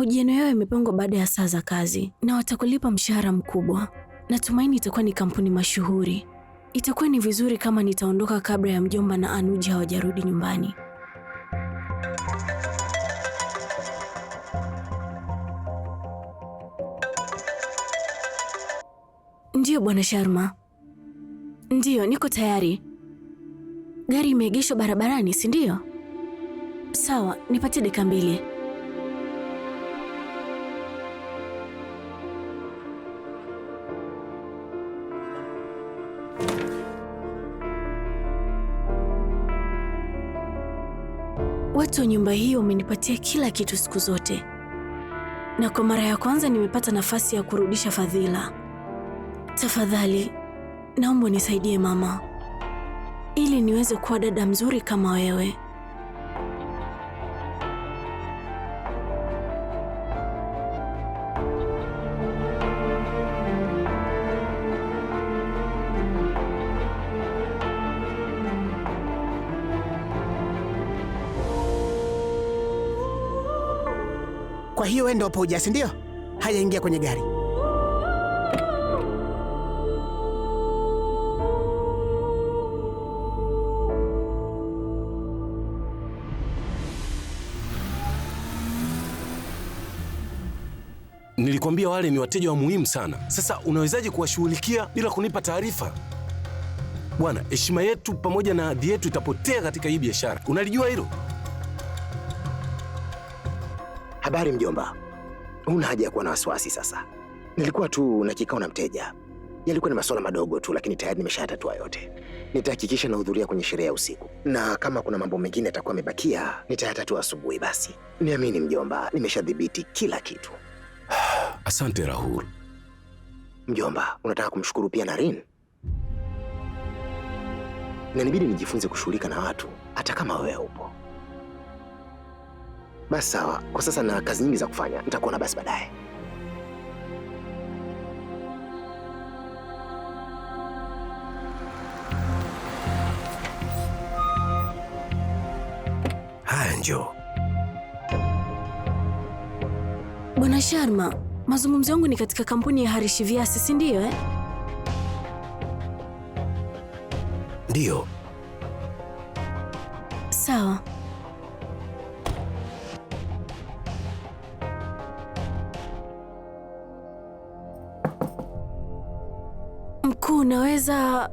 Mahojiano yao yamepangwa baada ya saa za kazi na watakulipa mshahara mkubwa. Natumaini itakuwa ni kampuni mashuhuri. Itakuwa ni vizuri kama nitaondoka kabla ya mjomba na anuji hawajarudi nyumbani. Ndiyo Bwana Sharma. Ndiyo, niko tayari. Gari imeegeshwa barabarani, si ndio? Sawa, nipatie dakika mbili. Watu wa nyumba hii wamenipatia kila kitu siku zote, na kwa mara ya kwanza nimepata nafasi ya kurudisha fadhila. Tafadhali naomba unisaidie mama, ili niweze kuwa dada mzuri kama wewe. Kwa hiyo wewe ndio hapo uja, si ndio? Haya, ingia kwenye gari. Nilikwambia wale ni wateja wa muhimu sana. Sasa unawezaje kuwashughulikia bila kunipa taarifa? Bwana, heshima yetu pamoja na adhi yetu itapotea katika hii biashara. Unalijua hilo? Habari mjomba, huna haja ya kuwa na wasiwasi sasa. Nilikuwa tu na kikao na mteja, yalikuwa ni masuala madogo tu, lakini tayari nimeshayatatua yote. Nitahakikisha nahudhuria kwenye sherehe ya usiku, na kama kuna mambo mengine yatakuwa amebakia nitayatatua asubuhi. Basi niamini mjomba, nimeshadhibiti kila kitu. Asante Rahul. Mjomba, unataka kumshukuru pia Naren? Na nibidi nijifunze kushughulika na watu hata kama wewe upo basi sawa, kwa sasa na kazi nyingi za kufanya, nitakuona basi baadaye. Haya, njoo Bwana Sharma. Mazungumzo yangu ni katika kampuni ya Harish Vyas, si ndio eh? Ndiyo. Sawa. unaweza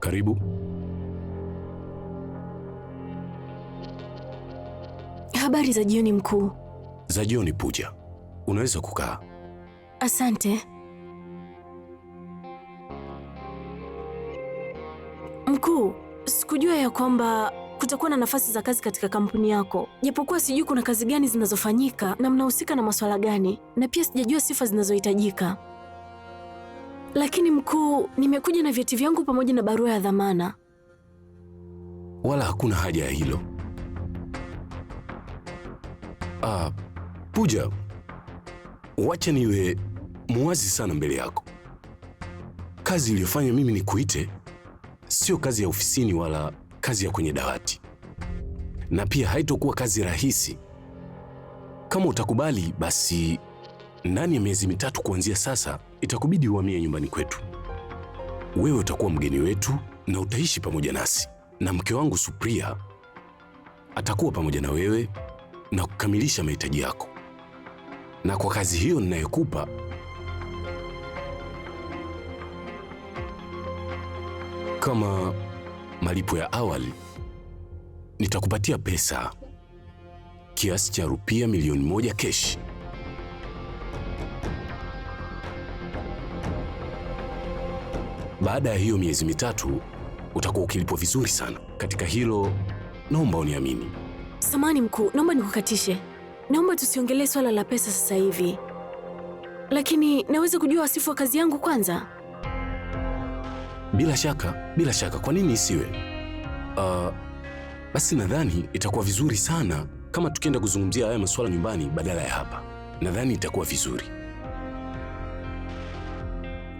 karibu. Habari za jioni mkuu. Za jioni Puja, unaweza kukaa. Asante mkuu. Sikujua ya kwamba kutakuwa na nafasi za kazi katika kampuni yako, japokuwa sijui kuna kazi gani zinazofanyika na mnahusika na masuala gani, na pia sijajua sifa zinazohitajika. Lakini mkuu, nimekuja na vyeti vyangu pamoja na barua ya dhamana. Wala hakuna haja ya hilo. Ah, Puja, wacha niwe muwazi sana mbele yako. Kazi iliyofanya mimi nikuite sio kazi ya ofisini wala kazi ya kwenye dawati, na pia haitokuwa kazi rahisi. Kama utakubali, basi ndani ya miezi mitatu kuanzia sasa itakubidi uhamie nyumbani kwetu. Wewe utakuwa mgeni wetu na utaishi pamoja nasi, na mke wangu Supriya atakuwa pamoja na wewe na kukamilisha mahitaji yako, na kwa kazi hiyo ninayokupa kama malipo ya awali nitakupatia pesa kiasi cha rupia milioni moja keshi. Baada ya hiyo miezi mitatu utakuwa ukilipwa vizuri sana. Katika hilo naomba uniamini. Samani mkuu, naomba nikukatishe. Naomba tusiongelee swala la pesa sasa hivi, lakini naweza kujua wasifu wa kazi yangu kwanza? Bila shaka, bila shaka. Kwa nini isiwe? Uh, basi nadhani itakuwa vizuri sana kama tukienda kuzungumzia haya masuala nyumbani badala ya hapa. Nadhani itakuwa vizuri.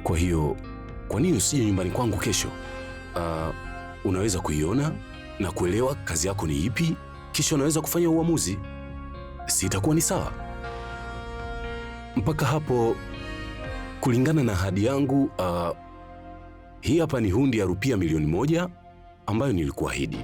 Kwa hiyo kwa nini usije nyumbani kwangu kesho? Uh, unaweza kuiona na kuelewa kazi yako ni ipi, kisha unaweza kufanya uamuzi. Si itakuwa ni sawa? Mpaka hapo, kulingana na ahadi yangu, uh, hii hapa ni hundi ya rupia milioni moja ambayo nilikuahidi.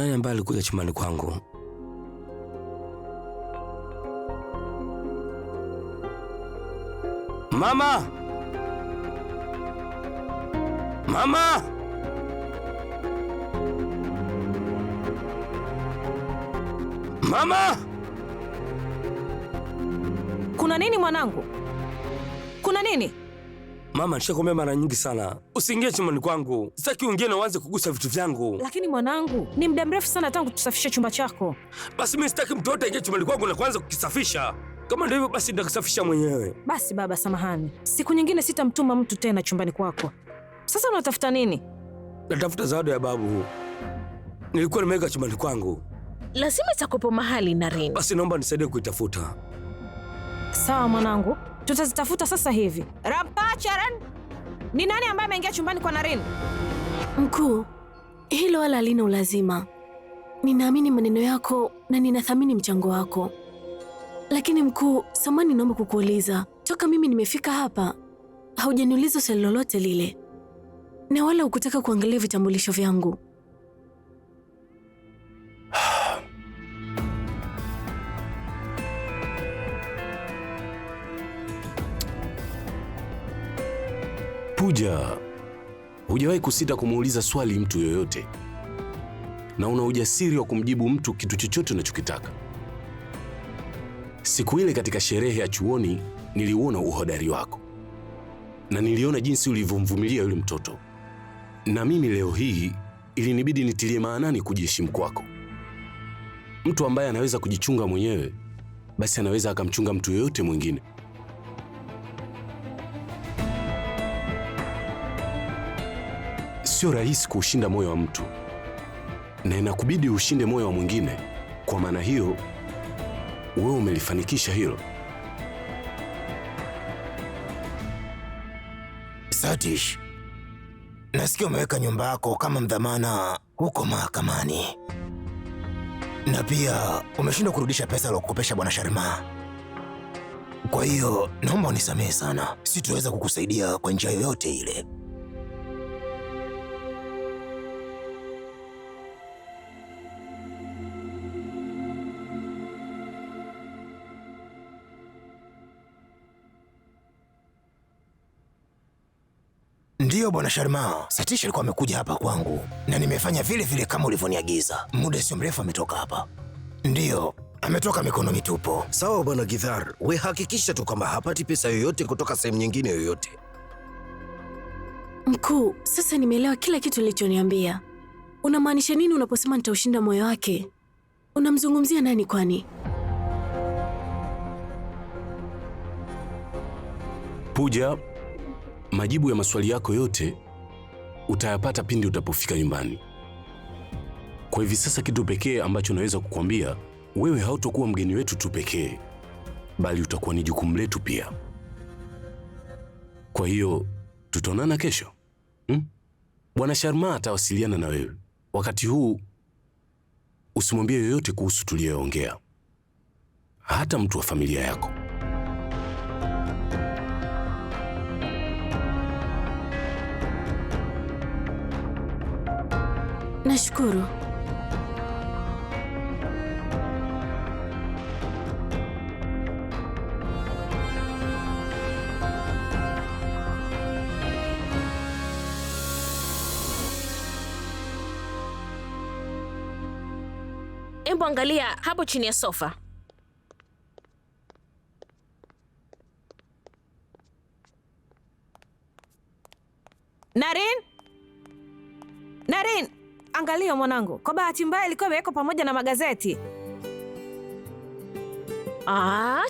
nani ambaye alikuja chumbani kwangu? Mama! Mama! Mama! Kuna nini mwanangu? Kuna nini? Mama, nishakwambia mara nyingi sana, usiingie chumbani kwangu. Sitaki uingie na uanze kugusa vitu vyangu. Lakini mwanangu, ni muda mrefu sana tangu tusafishe chumba chako. Basi mimi sitaki mtu yote aingie chumbani kwangu na kuanza kukisafisha. Kama hivyo, basi nitakusafisha mwenyewe. Basi baba, samahani, siku nyingine sitamtuma mtu tena chumbani kwako. Sasa unatafuta nini? Natafuta zawadi ya babu, nilikuwa nimeweka chumbani kwangu. Lazima itakopo mahali Rini. Basi naomba nisaidie kuitafuta. Sawa mwanangu tutazitafuta sasa hivi. Rampacharan, ni nani ambaye ameingia chumbani kwa Naren? Mkuu, hilo wala halina ulazima. Ninaamini maneno yako na ninathamini mchango wako, lakini mkuu, samani, naomba kukuuliza, toka mimi nimefika hapa haujaniuliza swali lolote lile na wala hukutaka kuangalia vitambulisho vyangu. Unapokuja hujawahi kusita kumuuliza swali mtu yoyote, na una ujasiri wa kumjibu mtu kitu chochote unachokitaka. Siku ile katika sherehe ya chuoni, niliuona uhodari wako na niliona jinsi ulivyomvumilia yule mtoto, na mimi leo hii ilinibidi nitilie maanani kujiheshimu kwako. Mtu ambaye anaweza kujichunga mwenyewe, basi anaweza akamchunga mtu yoyote mwingine. sio rahisi kuushinda moyo wa mtu na inakubidi ushinde moyo wa mwingine. Kwa maana hiyo, wewe umelifanikisha hilo. Satish, nasikia umeweka nyumba yako kama mdhamana huko mahakamani, na pia umeshindwa kurudisha pesa aliyokukopesha bwana Sharma. Kwa hiyo naomba unisamehe sana, sitoweza kukusaidia kwa njia yoyote ile. leo bwana Sharma, Satish alikuwa amekuja hapa kwangu na nimefanya vile vile kama ulivyoniagiza. Muda sio mrefu ametoka hapa. Ndiyo, ametoka mikono mitupu. Sawa bwana Gidhar, we hakikisha tu kwamba hapati pesa yoyote kutoka sehemu nyingine yoyote. Mkuu, sasa nimeelewa kila kitu ulichoniambia. Unamaanisha nini unaposema nitaushinda moyo wake? Unamzungumzia nani kwani? Puja, Majibu ya maswali yako yote utayapata pindi utapofika nyumbani. Kwa hivi sasa, kitu pekee ambacho naweza kukwambia wewe, hautokuwa mgeni wetu tu pekee, bali utakuwa ni jukumu letu pia. Kwa hiyo tutaonana kesho hmm? Bwana Sharma atawasiliana na wewe. Wakati huu usimwambie yoyote kuhusu tuliyoongea, hata mtu wa familia yako. Nashukuru. Hebu angalia hapo chini ya sofa. Ndiyo mwanangu, kwa bahati mbaya ilikuwa imewekwa pamoja na magazeti. Ah,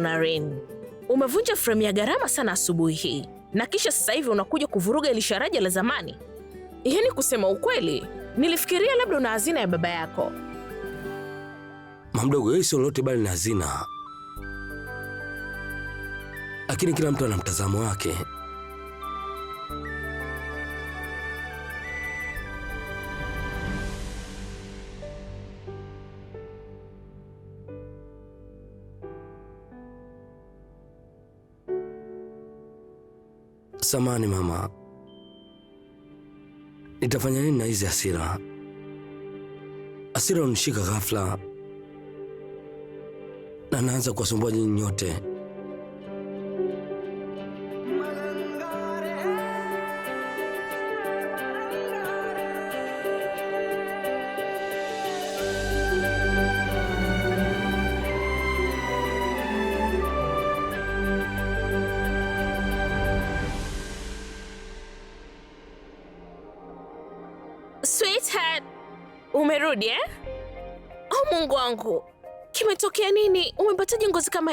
Naren, umevunja fremu ya gharama sana asubuhi hii, na kisha sasa hivi unakuja kuvuruga ili sharaja la zamani. Yaani, kusema ukweli, nilifikiria labda una hazina ya baba yako. Mamdogo, yeye sio lolote bali na hazina, lakini kila mtu ana mtazamo wake. Samani mama, nitafanya nini na hizi hasira? Hasira unishika ghafla na naanza kuwasumbua nyinyi nyote.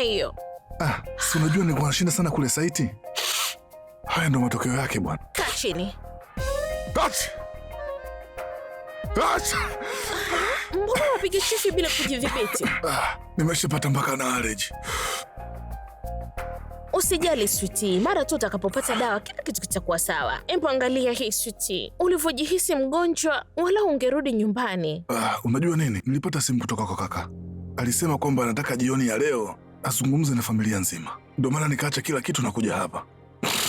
hiyo. Ah, si unajua nilikuwa nashinda sana kule saiti. Haya ndo matokeo yake bwana. Kaa chini. Mbona unapiga chifi bila kujidhibiti? Ah, nimeshapata mpaka na allergy. Usijali switi, mara tu utakapopata dawa kila kitu kitakuwa sawa. Hebu angalia hii switi, ulivyojihisi mgonjwa, wala ungerudi nyumbani. Ah, unajua nini, nilipata simu kutoka kwa kaka, alisema kwamba anataka jioni ya leo azungumze na familia nzima, ndio maana nikaacha kila kitu na kuja hapa.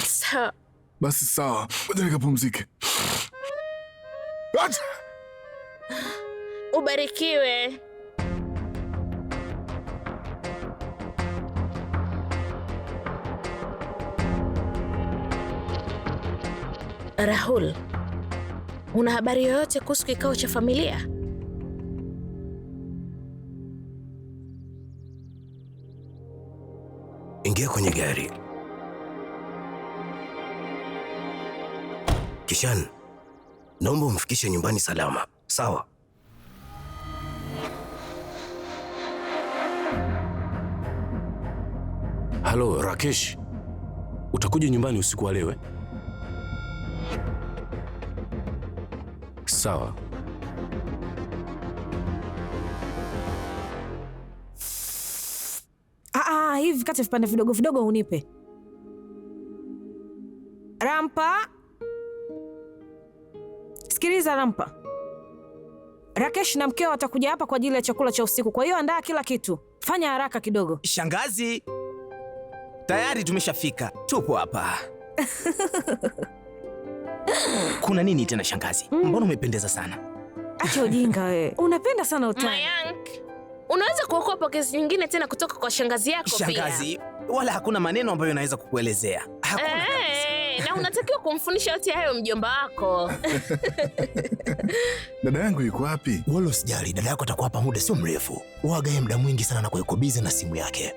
Sawa basi, sawa, ngoja nikapumzike. Acha ubarikiwe. Rahul, una habari yoyote kuhusu kikao cha familia? Ingia kwenye gari. Kishan, naomba umfikishe nyumbani salama, sawa? Halo Rakesh, utakuja nyumbani usiku wa leo eh? Sawa. Ah, hivi kate vipande vidogo vidogo unipe. Rampa, sikiliza Rampa, Rakesh na mkeo watakuja hapa kwa ajili ya chakula cha usiku, kwa hiyo andaa kila kitu, fanya haraka kidogo. Shangazi, tayari tumeshafika, tupo hapa. Kuna nini tena shangazi? Mm. Mbona umependeza sana. Acha ujinga wewe, unapenda sana utani unaweza kuokoa pokezi nyingine tena kutoka kwa shangazi yako shangazi, pia. Shangazi, wala hakuna maneno ambayo naweza kukuelezea. Hakuna eh, na unatakiwa kumfundisha yote hayo mjomba wako. Dada yangu yuko wapi? Wala usijali, dada yako atakuwa hapa muda sio mrefu. Wagaye muda mwingi sana na yuko bize na simu yake.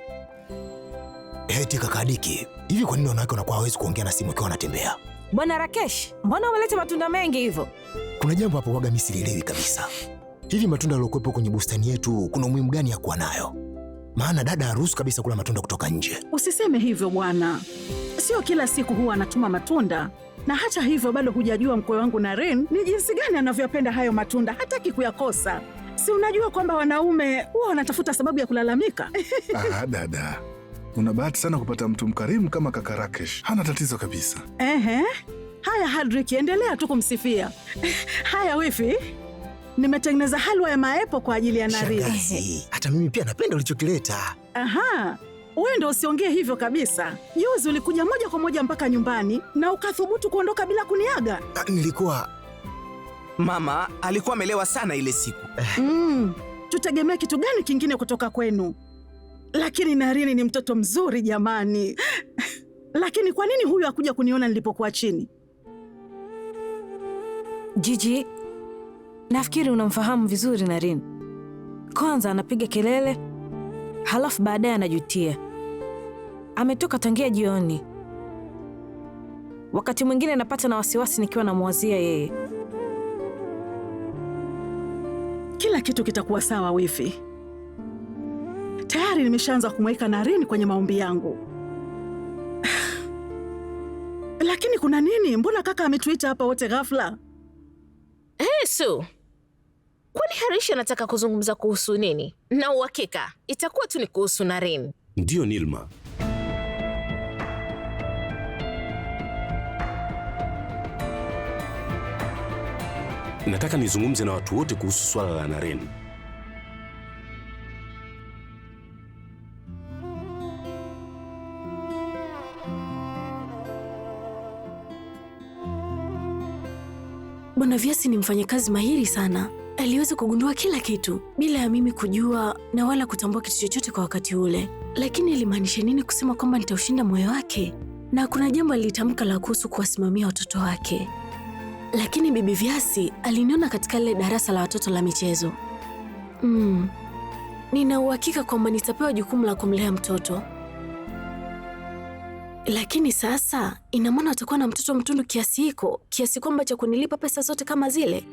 Heti eh, kakadiki, hivi kwa nini wanawake wanakuwa hawezi kuongea na simu ikiwa wanatembea? Bwana Rakesh, mbona umeleta matunda mengi hivyo? Kuna jambo hapo waga mimi kabisa. Hivi matunda yaliokuwepo kwenye bustani yetu kuna umuhimu gani ya kuwa nayo? Maana dada haruhusu kabisa kula matunda kutoka nje. Usiseme hivyo bwana, sio kila siku huwa anatuma matunda, na hata hivyo bado hujajua mkwe wangu Naren ni jinsi gani anavyopenda hayo matunda, hataki kuyakosa. Si unajua kwamba wanaume huwa wanatafuta sababu ya kulalamika? Ah, dada una bahati sana kupata mtu mkarimu kama kaka Rakesh, hana tatizo kabisa. Ehe, haya Hadrik, endelea tu kumsifia. Haya wifi nimetengeneza halwa ya maepo kwa ajili ya Naren. Hata mimi pia napenda ulichokileta. Aha, wewe ndo usiongee hivyo kabisa. Juzi ulikuja moja kwa moja mpaka nyumbani na ukathubutu kuondoka bila kuniaga. A, ah, nilikuwa mama alikuwa amelewa sana ile siku. Eh. Mm, tutegemee kitu gani kingine kutoka kwenu? Lakini Naren ni mtoto mzuri jamani. Lakini kwa nini huyu hakuja kuniona nilipokuwa chini? Jiji, Nafikiri unamfahamu vizuri Naren. Kwanza anapiga kelele, halafu baadaye anajutia. Ametoka tangia jioni. Wakati mwingine napata na wasiwasi nikiwa namwazia yeye. Kila kitu kitakuwa sawa wifi. Tayari nimeshaanza kumweka Naren kwenye maombi yangu. Lakini kuna nini? Mbona kaka ametuita hapa wote ghafla? Hey, Su. Kwani Harish anataka kuzungumza kuhusu nini? Na uhakika itakuwa tu ni kuhusu Naren. Ndiyo Nilma, nataka nizungumze na watu wote kuhusu swala la Naren. Bwana Vyasi ni mfanyakazi mahiri sana aliweza kugundua kila kitu bila ya mimi kujua na wala kutambua kitu chochote kwa wakati ule. Lakini ilimaanisha nini kusema kwamba nitaushinda moyo wake? Na kuna jambo alilitamka la kuhusu kuwasimamia watoto wake, lakini bibi Vyasi aliniona katika lile darasa la watoto la michezo. Mm, nina uhakika kwamba nitapewa jukumu la kumlea mtoto, lakini sasa ina maana atakuwa na mtoto mtundu kiasi hiko, kiasi kwamba cha kunilipa pesa zote kama zile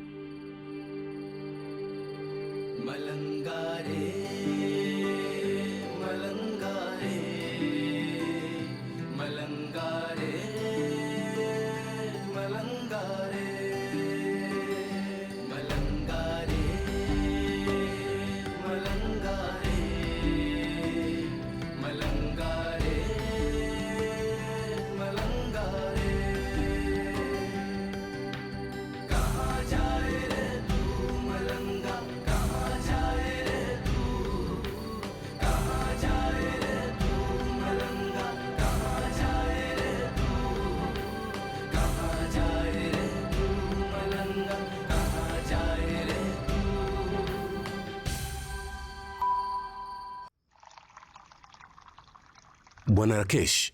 Bwana Rakesh,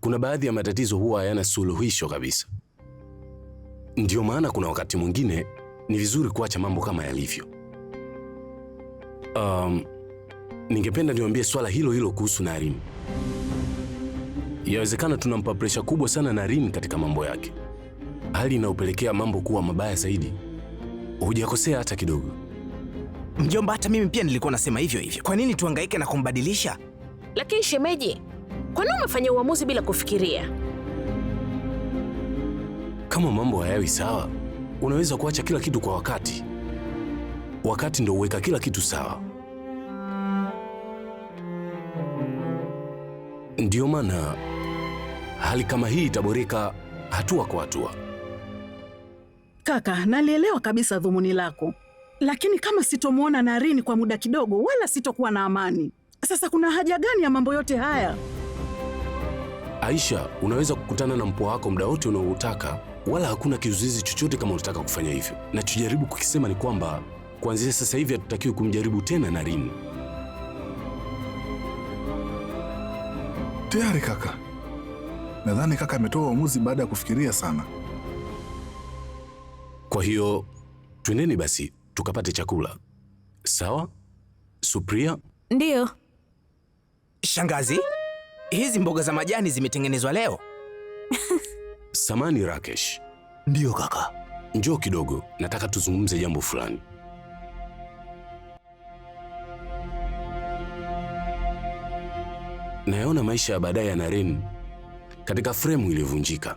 kuna baadhi ya matatizo huwa hayana suluhisho kabisa. Ndiyo maana kuna wakati mwingine ni vizuri kuacha mambo kama yalivyo. Um, ningependa niwaambie swala hilo hilo kuhusu Naren. Yawezekana tunampa presha kubwa sana Naren katika mambo yake, hali inayopelekea mambo kuwa mabaya zaidi. Hujakosea hata kidogo mjomba, hata mimi pia nilikuwa nasema hivyo hivyo. Kwa nini tuhangaike na kumbadilisha? Lakini shemeji, kwa nini umefanya uamuzi bila kufikiria? Kama mambo hayawi sawa, unaweza kuacha kila kitu kwa wakati. Wakati ndio uweka kila kitu sawa. ndio maana hali kama hii itaboreka hatua kwa hatua. Kaka, nalielewa kabisa dhumuni lako, lakini kama sitomwona Naren kwa muda kidogo, wala sitokuwa na amani. Sasa kuna haja gani ya mambo yote haya? Aisha, unaweza kukutana na mpwa wako muda wote unaoutaka, wala hakuna kizuizi chochote kama unataka kufanya hivyo. Nachojaribu kukisema ni kwamba kuanzia sasa hivi hatutakiwi kumjaribu tena Naren. Tayari kaka, nadhani kaka ametoa uamuzi baada ya kufikiria sana. Kwa hiyo twendeni basi tukapate chakula, sawa Supriya? Ndiyo shangazi hizi mboga za majani zimetengenezwa leo? Samani Rakesh. Ndiyo kaka, njoo kidogo, nataka tuzungumze jambo fulani. Nayaona maisha ya baadaye ya Naren katika fremu iliyovunjika.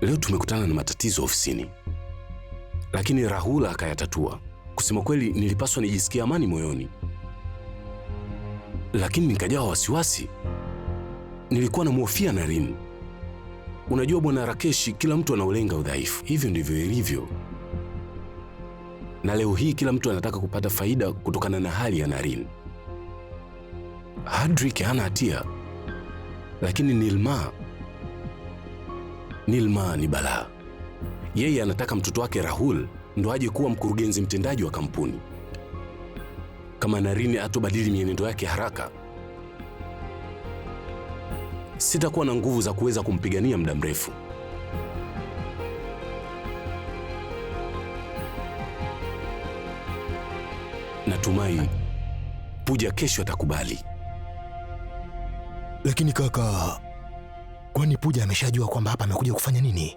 Leo tumekutana na matatizo ofisini, lakini Rahula akayatatua. Kusema kweli, nilipaswa nijisikie amani moyoni lakini nikajawa wasiwasi. Nilikuwa namhofia Naren. Unajua bwana Rakeshi, kila mtu anaulenga udhaifu, hivyo ndivyo ilivyo, na leo hii kila mtu anataka kupata faida kutokana na hali ya Naren. hadrik hana hatia, lakini Nilma, Nilma ni balaa. Yeye anataka mtoto wake Rahul ndo aje kuwa mkurugenzi mtendaji wa kampuni kama Naren atobadili mienendo yake haraka, sitakuwa na nguvu za kuweza kumpigania muda mrefu. Natumai puja kesho atakubali. Lakini kaka, kwani puja ameshajua kwamba hapa amekuja kufanya nini?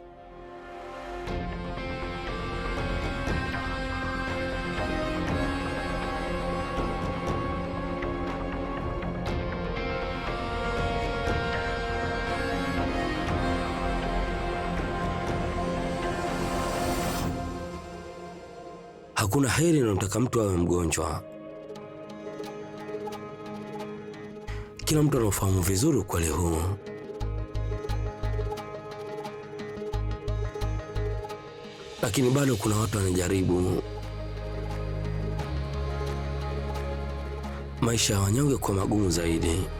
hakuna heri inayomtaka mtu awe mgonjwa. Kila mtu anaofahamu vizuri ukweli huu. Lakini bado kuna watu wanajaribu. Maisha ya wanyonge kuwa magumu zaidi.